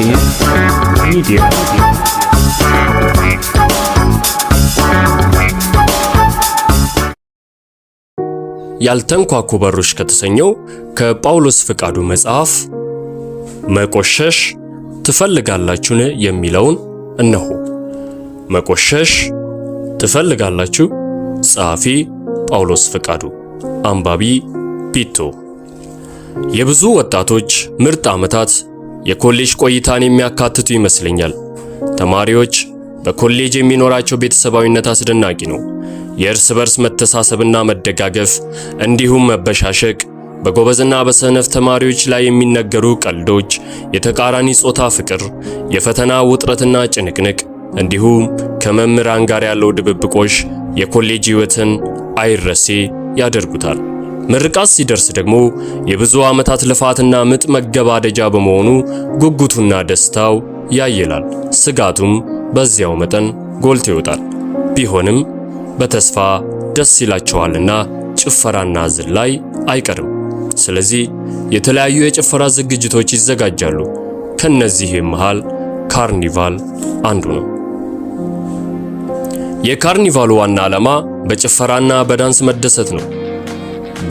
Peace Media. ያልተንኳኩ በሮች ከተሰኘው ከጳውሎስ ፍቃዱ መጽሐፍ መቆሸሽ ትፈልጋላችሁን የሚለውን እነሆ። መቆሸሽ ትፈልጋላችሁ? ጸሐፊ ጳውሎስ ፍቃዱ፣ አንባቢ ቢቶ። የብዙ ወጣቶች ምርጥ ዓመታት የኮሌጅ ቆይታን የሚያካትቱ ይመስለኛል። ተማሪዎች በኮሌጅ የሚኖራቸው ቤተሰባዊነት አስደናቂ ነው። የእርስ በርስ መተሳሰብና መደጋገፍ እንዲሁም መበሻሸቅ፣ በጎበዝና በሰነፍ ተማሪዎች ላይ የሚነገሩ ቀልዶች፣ የተቃራኒ ጾታ ፍቅር፣ የፈተና ውጥረትና ጭንቅንቅ እንዲሁም ከመምህራን ጋር ያለው ድብብቆሽ የኮሌጅ ሕይወትን አይረሴ ያደርጉታል። ምርቃት ሲደርስ ደግሞ የብዙ ዓመታት ልፋትና ምጥ መገባደጃ በመሆኑ ጉጉቱና ደስታው ያየላል፣ ስጋቱም በዚያው መጠን ጎልቶ ይወጣል። ቢሆንም በተስፋ ደስ ይላቸዋልና ጭፈራና ላይ አይቀርም። ስለዚህ የተለያዩ የጭፈራ ዝግጅቶች ይዘጋጃሉ። ከነዚህም መሃል ካርኒቫል አንዱ ነው። የካርኒቫሉ ዋና ዓላማ በጭፈራና በዳንስ መደሰት ነው።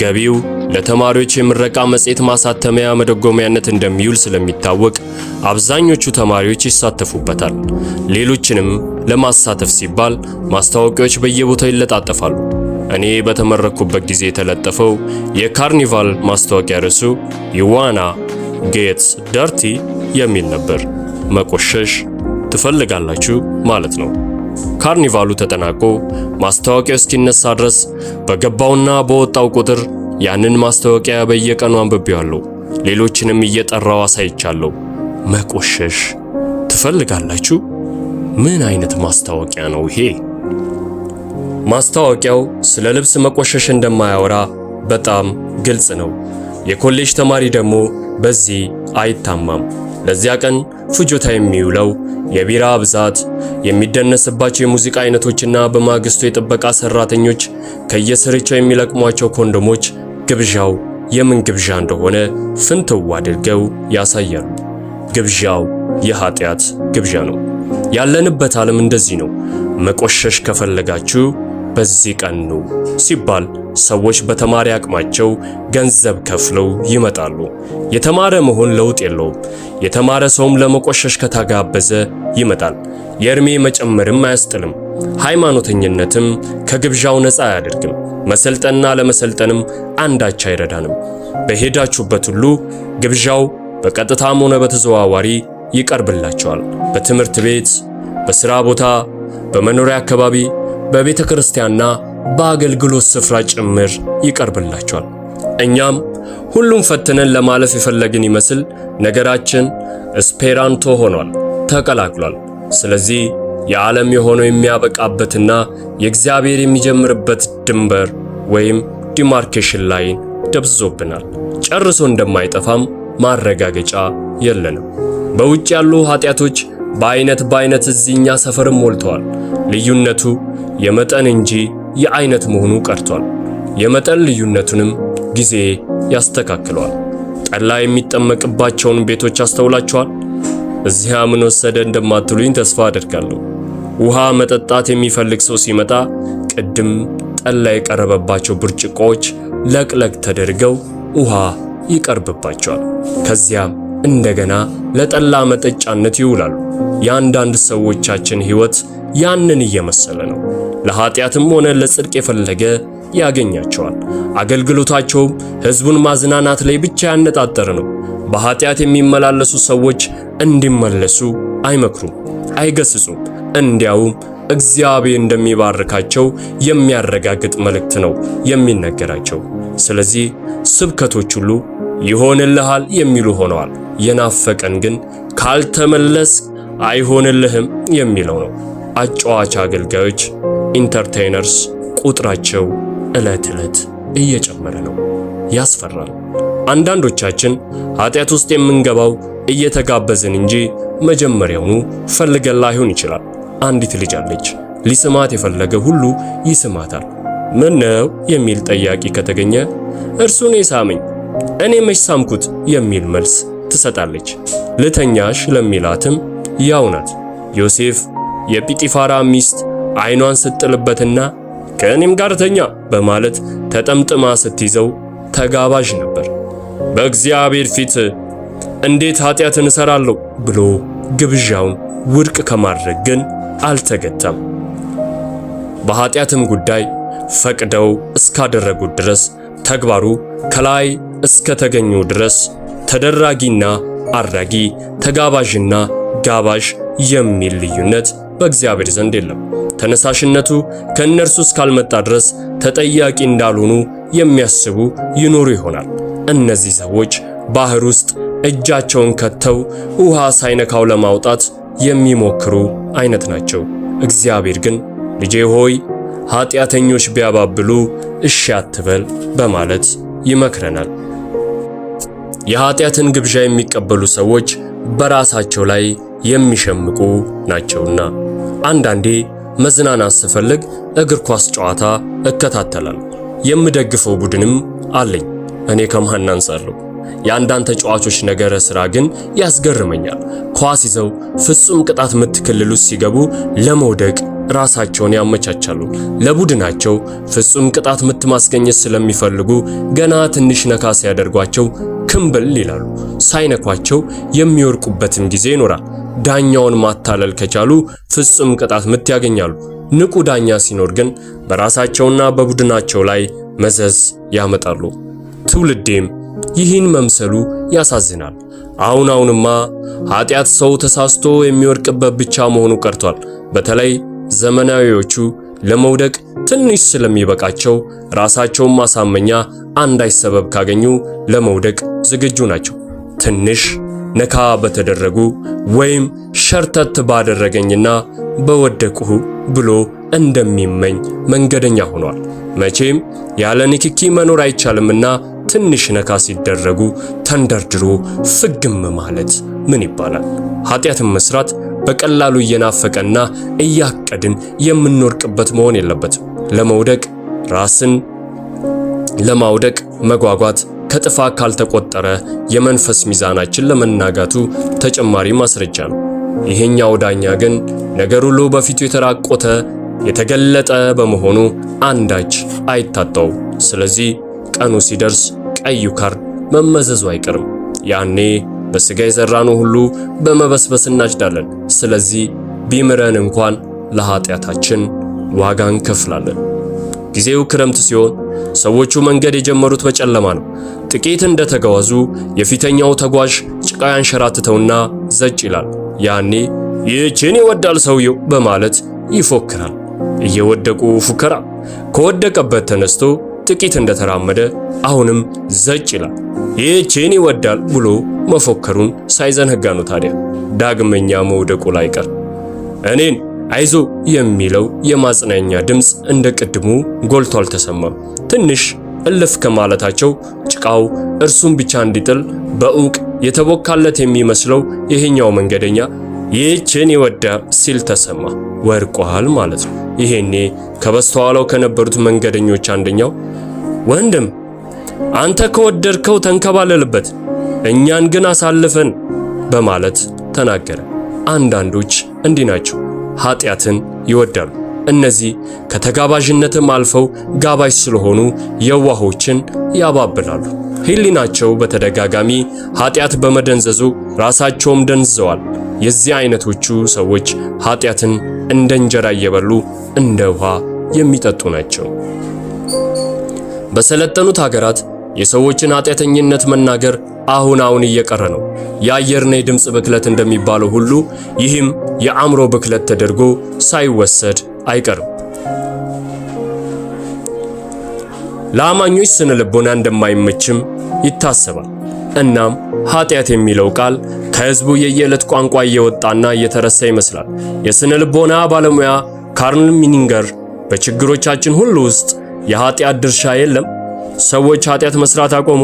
ገቢው ለተማሪዎች የምረቃ መጽሔት ማሳተሚያ መደጎሚያነት እንደሚውል ስለሚታወቅ አብዛኞቹ ተማሪዎች ይሳተፉበታል። ሌሎችንም ለማሳተፍ ሲባል ማስታወቂያዎች በየቦታው ይለጣጠፋሉ። እኔ በተመረኩበት ጊዜ የተለጠፈው የካርኒቫል ማስታወቂያ ርዕሱ ዩዋና ጌትስ ደርቲ የሚል ነበር። መቆሸሽ ትፈልጋላችሁ ማለት ነው። ካርኒቫሉ ተጠናቆ ማስታወቂያው እስኪነሳ ድረስ በገባውና በወጣው ቁጥር ያንን ማስታወቂያ በየቀኑ አንብቤዋለሁ። ሌሎችንም እየጠራው አሳይቻለሁ። መቆሸሽ ትፈልጋላችሁ? ምን አይነት ማስታወቂያ ነው ይሄ? ማስታወቂያው ስለ ልብስ መቆሸሽ እንደማያወራ በጣም ግልጽ ነው። የኮሌጅ ተማሪ ደግሞ በዚህ አይታማም። ለዚያ ቀን ፍጆታ የሚውለው የቢራ ብዛት፣ የሚደነስባቸው የሙዚቃ አይነቶችና በማግስቱ የጥበቃ ሰራተኞች ከየስርቻው የሚለቅሟቸው ኮንዶሞች ግብዣው የምን ግብዣ እንደሆነ ፍንትው አድርገው ያሳያሉ። ግብዣው የኃጢአት ግብዣ ነው። ያለንበት ዓለም እንደዚህ ነው። መቆሸሽ ከፈለጋችሁ በዚህ ቀን ነው ሲባል ሰዎች በተማሪ አቅማቸው ገንዘብ ከፍለው ይመጣሉ። የተማረ መሆን ለውጥ የለውም። የተማረ ሰውም ለመቆሸሽ ከተጋበዘ ይመጣል። የእድሜ መጨመርም አያስጥልም። ሃይማኖተኝነትም ከግብዣው ነፃ አያደርግም። መሰልጠንና ለመሰልጠንም አንዳች አይረዳንም። በሄዳችሁበት ሁሉ ግብዣው በቀጥታም ሆነ በተዘዋዋሪ ይቀርብላቸዋል። በትምህርት ቤት፣ በስራ ቦታ፣ በመኖሪያ አካባቢ በቤተ ክርስቲያንና በአገልግሎት ስፍራ ጭምር ይቀርብላቸዋል። እኛም ሁሉም ፈትነን ለማለፍ የፈለግን ይመስል ነገራችን ስፔራንቶ ሆኗል፣ ተቀላቅሏል። ስለዚህ የዓለም የሆነው የሚያበቃበትና የእግዚአብሔር የሚጀምርበት ድንበር ወይም ዲማርኬሽን ላይን ደብዝዞብናል። ጨርሶ እንደማይጠፋም ማረጋገጫ የለንም። በውጭ ያሉ ኃጢአቶች በአይነት በአይነት እዚህኛ ሰፈርም ሞልተዋል። ልዩነቱ የመጠን እንጂ የአይነት መሆኑ ቀርቷል። የመጠን ልዩነቱንም ጊዜ ያስተካክለዋል። ጠላ የሚጠመቅባቸውን ቤቶች አስተውላቸዋል። እዚያ ምን ወሰደ እንደማትሉኝ ተስፋ አደርጋለሁ። ውሃ መጠጣት የሚፈልግ ሰው ሲመጣ ቅድም ጠላ የቀረበባቸው ብርጭቆዎች ለቅለቅ ተደርገው ውሃ ይቀርብባቸዋል። ከዚያም እንደገና ለጠላ መጠጫነት ይውላሉ። የአንዳንድ ሰዎቻችን ሕይወት ያንን እየመሰለ ነው። ለኃጢአትም ሆነ ለጽድቅ የፈለገ ያገኛቸዋል። አገልግሎታቸውም ሕዝቡን ማዝናናት ላይ ብቻ ያነጣጠረ ነው። በኃጢአት የሚመላለሱ ሰዎች እንዲመለሱ አይመክሩም፣ አይገስጹም። እንዲያውም እግዚአብሔር እንደሚባርካቸው የሚያረጋግጥ መልእክት ነው የሚነገራቸው። ስለዚህ ስብከቶች ሁሉ ይሆንልሃል የሚሉ ሆነዋል። የናፈቀን ግን ካልተመለስ አይሆንልህም የሚለው ነው። አጫዋች አገልጋዮች፣ ኢንተርቴይነርስ ቁጥራቸው ዕለት ዕለት እየጨመረ ነው። ያስፈራል። አንዳንዶቻችን ኃጢአት ውስጥ የምንገባው እየተጋበዝን እንጂ መጀመሪያውኑ ፈልገን ላይሆን ይችላል። አንዲት ልጅ አለች። ሊስማት የፈለገ ሁሉ ይስማታል። ምን ነው የሚል ጠያቂ ከተገኘ እርሱን የሳመኝ እኔ መች ሳምኩት የሚል መልስ ትሰጣለች። ልተኛሽ ለሚላትም ያው ናት። ዮሴፍ የጲጢፋራ ሚስት አይኗን ስትጥልበትና ከእኔም ጋር ተኛ በማለት ተጠምጥማ ስትይዘው ተጋባዥ ነበር። በእግዚአብሔር ፊት እንዴት ኃጢአትን እሰራለሁ ብሎ ግብዣውን ውድቅ ከማድረግ ግን አልተገታም። በኃጢአትም ጉዳይ ፈቅደው እስካደረጉት ድረስ ተግባሩ ከላይ እስከተገኙ ድረስ ተደራጊና አድራጊ፣ ተጋባዥና ጋባዥ የሚል ልዩነት በእግዚአብሔር ዘንድ የለም። ተነሳሽነቱ ከእነርሱ እስካልመጣ ድረስ ተጠያቂ እንዳልሆኑ የሚያስቡ ይኖሩ ይሆናል። እነዚህ ሰዎች ባህር ውስጥ እጃቸውን ከተው ውሃ ሳይነካው ለማውጣት የሚሞክሩ አይነት ናቸው። እግዚአብሔር ግን ልጄ ሆይ ኃጢአተኞች ቢያባብሉ እሺ አትበል በማለት ይመክረናል። የኃጢአትን ግብዣ የሚቀበሉ ሰዎች በራሳቸው ላይ የሚሸምቁ ናቸውና አንዳንዴ መዝናናት ስፈልግ እግር ኳስ ጨዋታ እከታተላል። የምደግፈው ቡድንም አለኝ። እኔ ከማን አንጻር የአንዳንድ ተጫዋቾች ነገረ ስራ ግን ያስገርመኛል። ኳስ ይዘው ፍጹም ቅጣት ምት ክልል ውስጥ ሲገቡ ለመውደቅ ራሳቸውን ያመቻቻሉ። ለቡድናቸው ፍጹም ቅጣት ምት ማስገኘት ስለሚፈልጉ ገና ትንሽ ነካ ሲያደርጓቸው ክምብል ይላሉ። ሳይነኳቸው የሚወርቁበትም ጊዜ ይኖራል። ዳኛውን ማታለል ከቻሉ ፍጹም ቅጣት ምት ያገኛሉ። ንቁ ዳኛ ሲኖር ግን በራሳቸውና በቡድናቸው ላይ መዘዝ ያመጣሉ። ትውልዴም ይህን መምሰሉ ያሳዝናል። አሁን አሁንማ ኃጢአት ሰው ተሳስቶ የሚወድቅበት ብቻ መሆኑ ቀርቷል። በተለይ ዘመናዊዎቹ ለመውደቅ ትንሽ ስለሚበቃቸው ራሳቸውን ማሳመኛ አንዳች ሰበብ ካገኙ ለመውደቅ ዝግጁ ናቸው። ትንሽ ነካ በተደረጉ ወይም ሸርተት ባደረገኝና በወደቅሁ ብሎ እንደሚመኝ መንገደኛ ሆኗል። መቼም ያለ ንክኪ መኖር አይቻልምና ትንሽ ነካ ሲደረጉ ተንደርድሮ ፍግም ማለት ምን ይባላል? ኃጢአትን መስራት በቀላሉ እየናፈቀና እያቀድን የምንወድቅበት መሆን የለበትም። ለመውደቅ ራስን ለማውደቅ መጓጓት ከጥፋት ካልተቆጠረ የመንፈስ ሚዛናችን ለመናጋቱ ተጨማሪ ማስረጃ ነው። ይሄኛው ዳኛ ግን ነገር ሁሉ በፊቱ የተራቆተ የተገለጠ በመሆኑ አንዳች አይታጣው። ስለዚህ ቀኑ ሲደርስ ቀዩ ካርድ መመዘዙ አይቀርም። ያኔ በሥጋ የዘራነው ሁሉ በመበስበስ እናጭዳለን። ስለዚህ ቢምረን እንኳን ለኃጢአታችን ዋጋ እንከፍላለን። ጊዜው ክረምት ሲሆን ሰዎቹ መንገድ የጀመሩት በጨለማ ነው። ጥቂት እንደተጓዙ የፊተኛው ተጓዥ ጭቃ ያንሸራትተውና ዘጭ ይላል። ያኔ ይህችን ይወዳል ሰውየው በማለት ይፎክራል። እየወደቁ ፉከራ ከወደቀበት ተነስቶ ጥቂት እንደተራመደ አሁንም ዘጭ ይላል። ይህችን ይወዳል ብሎ መፎከሩን ሳይዘነጋ ነው ታዲያ ዳግመኛ መውደቁ ላይ ቀር እኔን አይዞ የሚለው የማጽናኛ ድምፅ እንደ ቅድሙ ጎልቶ አልተሰማም። ትንሽ እልፍ ከማለታቸው ጭቃው እርሱን ብቻ እንዲጥል በእውቅ የተቦካለት የሚመስለው ይሄኛው መንገደኛ ይህችን ይወዳ ሲል ተሰማ። ወርቋል ማለት ነው። ይሄኔ ከበስተኋላው ከነበሩት መንገደኞች አንደኛው ወንድም አንተ ከወደድከው ተንከባለልበት፣ እኛን ግን አሳልፈን በማለት ተናገረ። አንዳንዶች እንዲህ ናቸው፣ ኃጢአትን ይወዳሉ። እነዚህ ከተጋባዥነትም አልፈው ጋባዥ ስለሆኑ የዋሆችን ያባብላሉ። ሕሊናቸው በተደጋጋሚ ኃጢአት በመደንዘዙ ራሳቸውም ደንዝዘዋል። የዚህ አይነቶቹ ሰዎች ኃጢአትን እንደ እንጀራ እየበሉ እንደ ውሃ የሚጠጡ ናቸው። በሰለጠኑት ሀገራት የሰዎችን ኃጢአተኝነት መናገር አሁን አሁን እየቀረ ነው። የአየርና የድምፅ ብክለት እንደሚባለው ሁሉ ይህም የአእምሮ ብክለት ተደርጎ ሳይወሰድ አይቀርም። ለአማኞች ስነ ልቦና እንደማይመችም ይታሰባል። እናም ኃጢአት የሚለው ቃል ከህዝቡ የየዕለት ቋንቋ እየወጣና እየተረሳ ይመስላል። የስነ ልቦና ባለሙያ ካርል ሚኒንገር በችግሮቻችን ሁሉ ውስጥ የኃጢአት ድርሻ የለም? ሰዎች ኃጢአት መስራት አቆሙ፣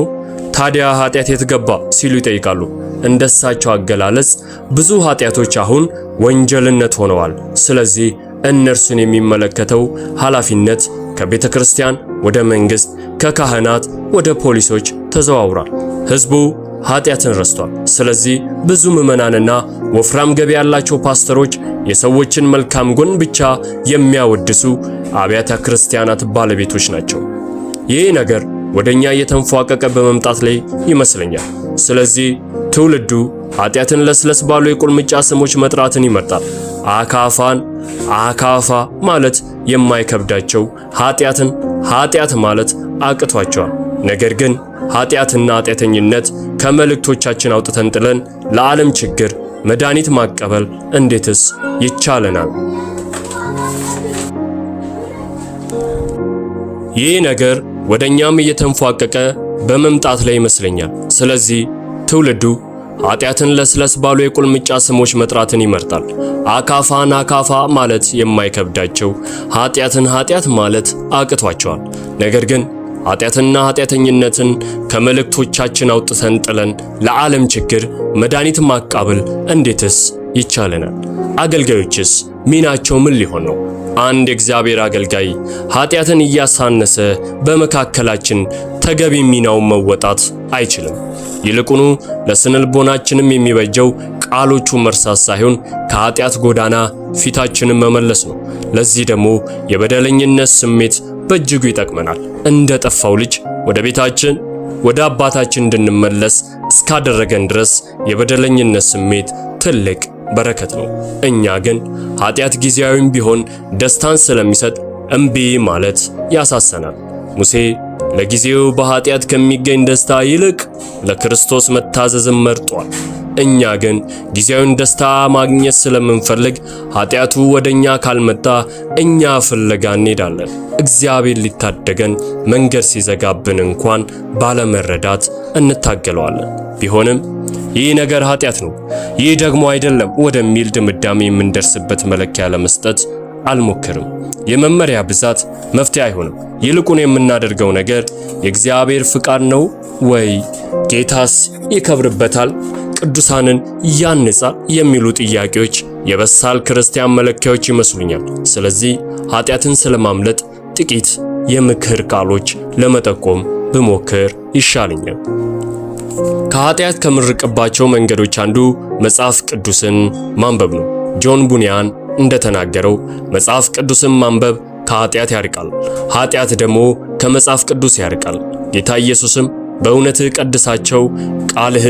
ታዲያ ኃጢአት የት ገባ ሲሉ ይጠይቃሉ። እንደሳቸው አገላለጽ ብዙ ኃጢአቶች አሁን ወንጀልነት ሆነዋል። ስለዚህ እነርሱን የሚመለከተው ኃላፊነት ከቤተ ክርስቲያን ወደ መንግስት፣ ከካህናት ወደ ፖሊሶች ተዘዋውሯል። ህዝቡ ኃጢአትን ረስቷል። ስለዚህ ብዙ ምዕመናንና ወፍራም ገቢ ያላቸው ፓስተሮች የሰዎችን መልካም ጎን ብቻ የሚያወድሱ አብያተ ክርስቲያናት ባለቤቶች ናቸው። ይህ ነገር ወደኛ እየተንፏቀቀ በመምጣት ላይ ይመስለኛል። ስለዚህ ትውልዱ ኃጢአትን ለስለስ ባሉ የቁልምጫ ስሞች መጥራትን ይመርጣል። አካፋን አካፋ ማለት የማይከብዳቸው ኃጢአትን ኃጢአት ማለት አቅቷቸዋል። ነገር ግን ኃጢአትና ኃጢአተኝነት ከመልእክቶቻችን አውጥተን ጥለን ለዓለም ችግር መድኃኒት ማቀበል እንዴትስ ይቻለናል? ይህ ነገር ወደኛም እየተንፏቀቀ በመምጣት ላይ ይመስለኛል። ስለዚህ ትውልዱ ኃጢአትን ለስለስ ባሉ የቁልምጫ ስሞች መጥራትን ይመርጣል። አካፋን አካፋ ማለት የማይከብዳቸው ኃጢአትን ኃጢአት ማለት አቅቷቸዋል። ነገር ግን ኃጢአትና ኃጢአተኝነትን ከመልእክቶቻችን አውጥተን ጥለን ለዓለም ችግር መድኃኒት ማቃበል እንዴትስ ይቻለናል? አገልጋዮችስ ሚናቸው ምን ሊሆን ነው? አንድ የእግዚአብሔር አገልጋይ ኃጢአትን እያሳነሰ በመካከላችን ተገቢ ሚናውን መወጣት አይችልም። ይልቁኑ ለስነልቦናችንም የሚበጀው ቃሎቹን መርሳት ሳይሆን ከኃጢአት ጎዳና ፊታችንን መመለስ ነው። ለዚህ ደግሞ የበደለኝነት ስሜት በእጅጉ ይጠቅመናል። እንደ ጠፋው ልጅ ወደ ቤታችን ወደ አባታችን እንድንመለስ እስካደረገን ድረስ የበደለኝነት ስሜት ትልቅ በረከት ነው። እኛ ግን ኃጢአት ጊዜያዊም ቢሆን ደስታን ስለሚሰጥ እምቢ ማለት ያሳሰናል። ሙሴ ለጊዜው በኃጢአት ከሚገኝ ደስታ ይልቅ ለክርስቶስ መታዘዝን መርጧል። እኛ ግን ጊዜያዊን ደስታ ማግኘት ስለምንፈልግ ኃጢአቱ ወደ እኛ ካልመጣ እኛ ፍለጋ እንሄዳለን። እግዚአብሔር ሊታደገን መንገድ ሲዘጋብን እንኳን ባለመረዳት እንታገለዋለን። ቢሆንም ይህ ነገር ኃጢአት ነው፣ ይህ ደግሞ አይደለም ወደሚል ድምዳሜ የምንደርስበት መለኪያ ለመስጠት አልሞክርም። የመመሪያ ብዛት መፍትሄ አይሆንም። ይልቁን የምናደርገው ነገር የእግዚአብሔር ፍቃድ ነው ወይ? ጌታስ ይከብርበታል? ቅዱሳንን ያንጻል የሚሉ ጥያቄዎች የበሳል ክርስቲያን መለኪያዎች ይመስሉኛል። ስለዚህ ኃጢአትን ስለማምለጥ ጥቂት የምክር ቃሎች ለመጠቆም ብሞክር ይሻለኛል። ከኃጢአት ከምርቅባቸው መንገዶች አንዱ መጽሐፍ ቅዱስን ማንበብ ነው። ጆን ቡኒያን እንደተናገረው መጽሐፍ ቅዱስን ማንበብ ከኃጢአት ያርቃል፣ ኃጢአት ደግሞ ከመጽሐፍ ቅዱስ ያርቃል። ጌታ ኢየሱስም በእውነትህ ቀድሳቸው፣ ቃልህ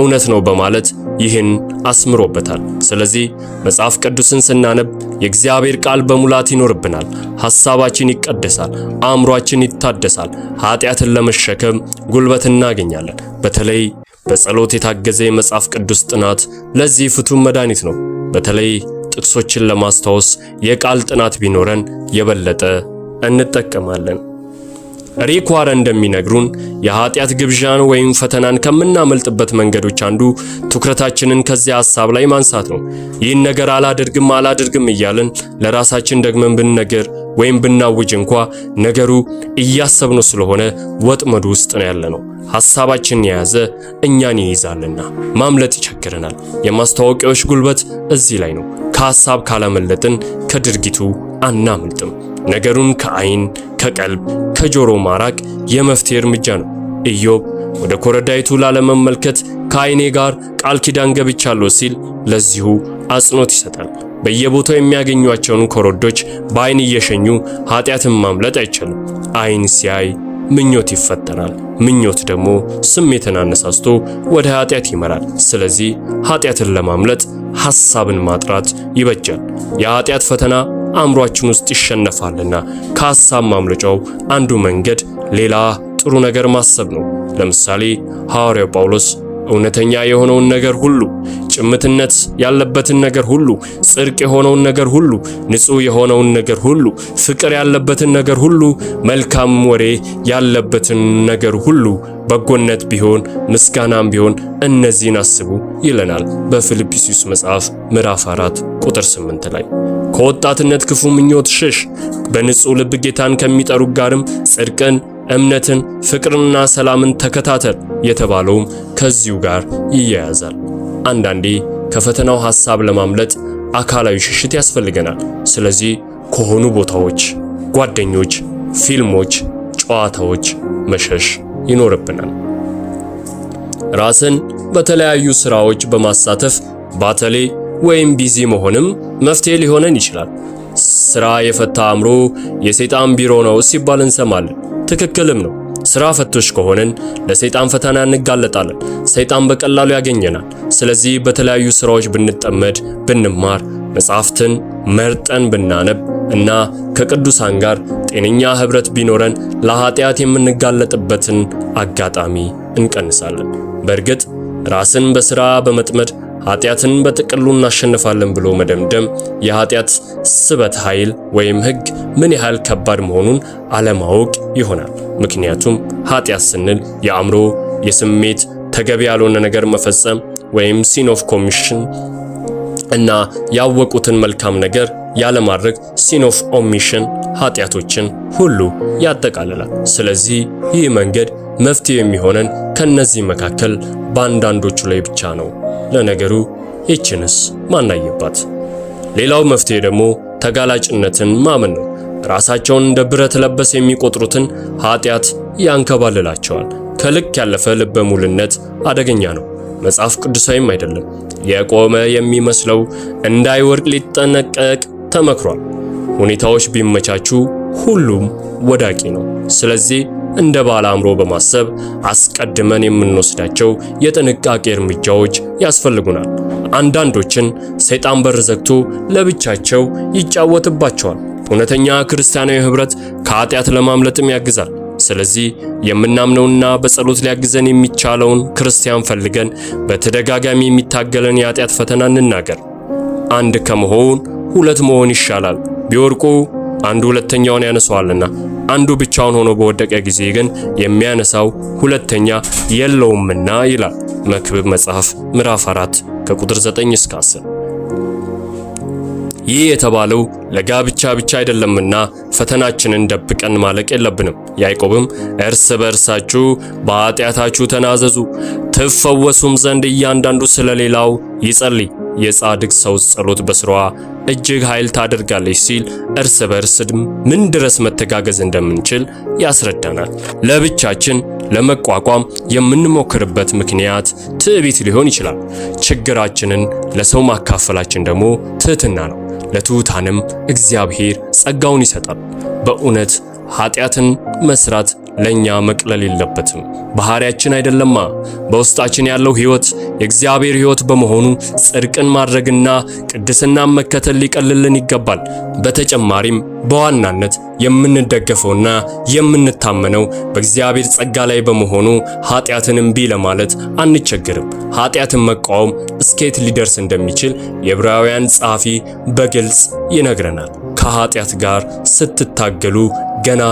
እውነት ነው በማለት ይህን አስምሮበታል። ስለዚህ መጽሐፍ ቅዱስን ስናነብ የእግዚአብሔር ቃል በሙላት ይኖርብናል። ሐሳባችን ይቀደሳል፣ አእምሯችን ይታደሳል። ኃጢአትን ለመሸከም ጉልበት እናገኛለን። በተለይ በጸሎት የታገዘ የመጽሐፍ ቅዱስ ጥናት ለዚህ ፍቱን መድኃኒት ነው። በተለይ ጥቅሶችን ለማስታወስ የቃል ጥናት ቢኖረን የበለጠ እንጠቀማለን። ሪኳር እንደሚነግሩን የኃጢአት ግብዣን ወይም ፈተናን ከምናመልጥበት መንገዶች አንዱ ትኩረታችንን ከዚያ ሐሳብ ላይ ማንሳት ነው። ይህን ነገር አላደርግም አላደርግም እያልን ለራሳችን ደግመን ብንነገር ወይም ብናውጅ እንኳ ነገሩ እያሰብነው ስለሆነ ወጥመዱ ውስጥ ነው ያለነው። ሐሳባችንን የያዘ እኛን ይይዛልና ማምለጥ ይቸግረናል። የማስታወቂያዎች ጉልበት እዚህ ላይ ነው። ከሐሳብ ካላመለጥን ከድርጊቱ አናመልጥም። ነገሩን ከአይን ከቀልብ ከጆሮ ማራቅ የመፍትሄ እርምጃ ነው። ኢዮብ ወደ ኮረዳይቱ ላለመመልከት ከዓይኔ ጋር ቃል ኪዳን ገብቻለሁ ሲል ለዚሁ አጽንኦት ይሰጣል። በየቦታው የሚያገኟቸውን ኮረዶች በዓይን እየሸኙ ኃጢአትን ማምለጥ አይቻልም። ዓይን ሲያይ ምኞት ይፈጠራል። ምኞት ደግሞ ስሜትን አነሳስቶ ወደ ኃጢአት ይመራል። ስለዚህ ኃጢአትን ለማምለጥ ሐሳብን ማጥራት ይበጃል። የኃጢአት ፈተና አእምሯችን ውስጥ ይሸነፋልና ከሀሳብ ማምለጫው አንዱ መንገድ ሌላ ጥሩ ነገር ማሰብ ነው። ለምሳሌ ሐዋርያው ጳውሎስ እውነተኛ የሆነውን ነገር ሁሉ፣ ጭምትነት ያለበትን ነገር ሁሉ፣ ጽድቅ የሆነውን ነገር ሁሉ፣ ንጹሕ የሆነውን ነገር ሁሉ፣ ፍቅር ያለበትን ነገር ሁሉ፣ መልካም ወሬ ያለበትን ነገር ሁሉ፣ በጎነት ቢሆን ምስጋናም ቢሆን እነዚህን አስቡ ይለናል በፊልጵስዩስ መጽሐፍ ምዕራፍ 4 ቁጥር 8 ላይ። ከወጣትነት ክፉ ምኞት ሽሽ። በንጹህ ልብ ጌታን ከሚጠሩ ጋርም ጽድቅን፣ እምነትን፣ ፍቅርንና ሰላምን ተከታተል የተባለውም ከዚሁ ጋር ይያያዛል። አንዳንዴ ከፈተናው ሐሳብ ለማምለጥ አካላዊ ሽሽት ያስፈልገናል። ስለዚህ ከሆኑ ቦታዎች፣ ጓደኞች፣ ፊልሞች፣ ጨዋታዎች መሸሽ ይኖርብናል። ራስን በተለያዩ ስራዎች በማሳተፍ ባተሌ ወይም ቢዚ መሆንም መፍትሄ ሊሆነን ይችላል። ስራ የፈታ አእምሮ የሰይጣን ቢሮ ነው ሲባል እንሰማለን። ትክክልም ነው። ስራ ፈቶች ከሆንን ለሰይጣን ፈተና እንጋለጣለን። ሰይጣን በቀላሉ ያገኘናል። ስለዚህ በተለያዩ ስራዎች ብንጠመድ፣ ብንማር፣ መጽሐፍትን መርጠን ብናነብ እና ከቅዱሳን ጋር ጤነኛ ህብረት ቢኖረን ለኃጢአት የምንጋለጥበትን አጋጣሚ እንቀንሳለን። በእርግጥ ራስን በስራ በመጥመድ ኃጢአትን በጥቅሉ እናሸንፋለን ብሎ መደምደም የኃጢአት ስበት ኃይል ወይም ሕግ ምን ያህል ከባድ መሆኑን አለማወቅ ይሆናል። ምክንያቱም ኃጢአት ስንል የአእምሮ የስሜት ተገቢ ያልሆነ ነገር መፈጸም ወይም ሲን ኦፍ ኮሚሽን እና ያወቁትን መልካም ነገር ያለማድረግ ሲን ኦፍ ኦሚሽን ኃጢአቶችን ሁሉ ያጠቃልላል። ስለዚህ ይህ መንገድ መፍትሄ የሚሆነን ከነዚህ መካከል በአንዳንዶቹ ላይ ብቻ ነው። ለነገሩ ይችንስ ማናየባት። ሌላው መፍትሄ ደግሞ ተጋላጭነትን ማመን ነው። ራሳቸውን እንደ ብረት ለበስ የሚቆጥሩትን ኃጢአት ያንከባልላቸዋል። ከልክ ያለፈ ልበ ሙልነት አደገኛ ነው፣ መጽሐፍ ቅዱሳዊም አይደለም። የቆመ የሚመስለው እንዳይወድቅ ሊጠነቀቅ ተመክሯል። ሁኔታዎች ቢመቻቹ ሁሉም ወዳቂ ነው። ስለዚህ እንደ ባለ አእምሮ በማሰብ አስቀድመን የምንወስዳቸው የጥንቃቄ እርምጃዎች ያስፈልጉናል። አንዳንዶችን ሰይጣን በር ዘግቶ ለብቻቸው ይጫወትባቸዋል። እውነተኛ ክርስቲያናዊ ህብረት ከኃጢአት ለማምለጥም ያግዛል። ስለዚህ የምናምነውና በጸሎት ሊያግዘን የሚቻለውን ክርስቲያን ፈልገን በተደጋጋሚ የሚታገለን የኃጢአት ፈተና እንናገር። አንድ ከመሆን ሁለት መሆን ይሻላል። ቢወርቁ አንዱ ሁለተኛውን ያነሰዋልና አንዱ ብቻውን ሆኖ በወደቀ ጊዜ ግን የሚያነሳው ሁለተኛ የለውምና ይላል መክብብ መጽሐፍ ምዕራፍ 4 ከቁጥር 9 እስከ 10። ይህ የተባለው ለጋብቻ ብቻ አይደለምና ፈተናችንን ደብቀን ማለቅ የለብንም። ያዕቆብም እርስ በርሳችሁ በኃጢአታችሁ ተናዘዙ ትፈወሱም ዘንድ እያንዳንዱ ስለሌላው ይጸልይ፣ የጻድቅ ሰው ጸሎት በስሯ እጅግ ኃይል ታደርጋለች ሲል እርስ በርስ ምን ድረስ መተጋገዝ እንደምንችል ያስረዳናል። ለብቻችን ለመቋቋም የምንሞክርበት ምክንያት ትዕቢት ሊሆን ይችላል። ችግራችንን ለሰው ማካፈላችን ደግሞ ትህትና ነው። ለትሑታንም እግዚአብሔር ጸጋውን ይሰጣል። በእውነት ኃጢአትን መስራት ለኛ መቅለል የለበትም። ባህሪያችን አይደለማ። በውስጣችን ያለው ህይወት የእግዚአብሔር ህይወት በመሆኑ ጽድቅን ማድረግና ቅድስናን መከተል ሊቀልልን ይገባል። በተጨማሪም በዋናነት የምንደገፈውና የምንታመነው በእግዚአብሔር ጸጋ ላይ በመሆኑ ኃጢአትን እምቢ ለማለት አንቸግርም ኃጢአትን መቃወም እስኬት ሊደርስ እንደሚችል የዕብራውያን ጸሐፊ በግልጽ ይነግረናል። ከኃጢአት ጋር ስትታገሉ ገና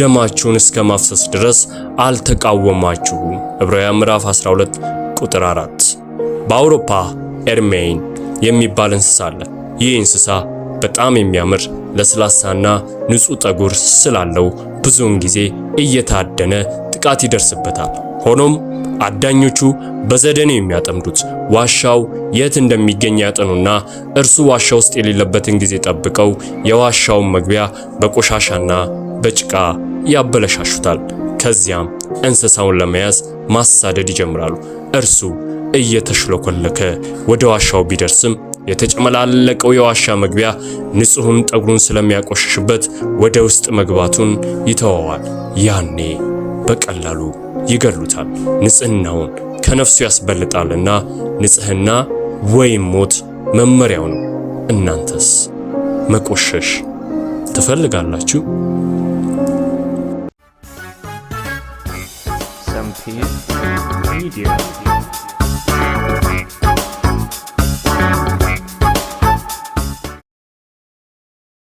ደማችሁን እስከ ማፍሰስ ድረስ አልተቃወማችሁም። ዕብራውያን ምዕራፍ 12 ቁጥር 4። በአውሮፓ ኤርሜይን የሚባል እንስሳ አለ። ይህ እንስሳ በጣም የሚያምር ለስላሳና ንጹህ ጠጉር ስላለው ብዙውን ጊዜ እየታደነ ጥቃት ይደርስበታል። ሆኖም አዳኞቹ በዘደን የሚያጠምዱት ዋሻው የት እንደሚገኝ ያጠኑና እርሱ ዋሻ ውስጥ የሌለበትን ጊዜ ጠብቀው የዋሻውን መግቢያ በቆሻሻና በጭቃ ያበለሻሹታል። ከዚያም እንስሳውን ለመያዝ ማሳደድ ይጀምራሉ። እርሱ እየተሽለኮለከ ወደ ዋሻው ቢደርስም የተጨመላለቀው የዋሻ መግቢያ ንጹሕን ጠጉሩን ስለሚያቆሽሽበት ወደ ውስጥ መግባቱን ይተወዋል። ያኔ በቀላሉ ይገድሉታል። ንጽህናውን ከነፍሱ ያስበልጣልና ንጽህና ወይም ሞት መመሪያው ነው። እናንተስ መቆሸሽ ትፈልጋላችሁ? ሚዲያ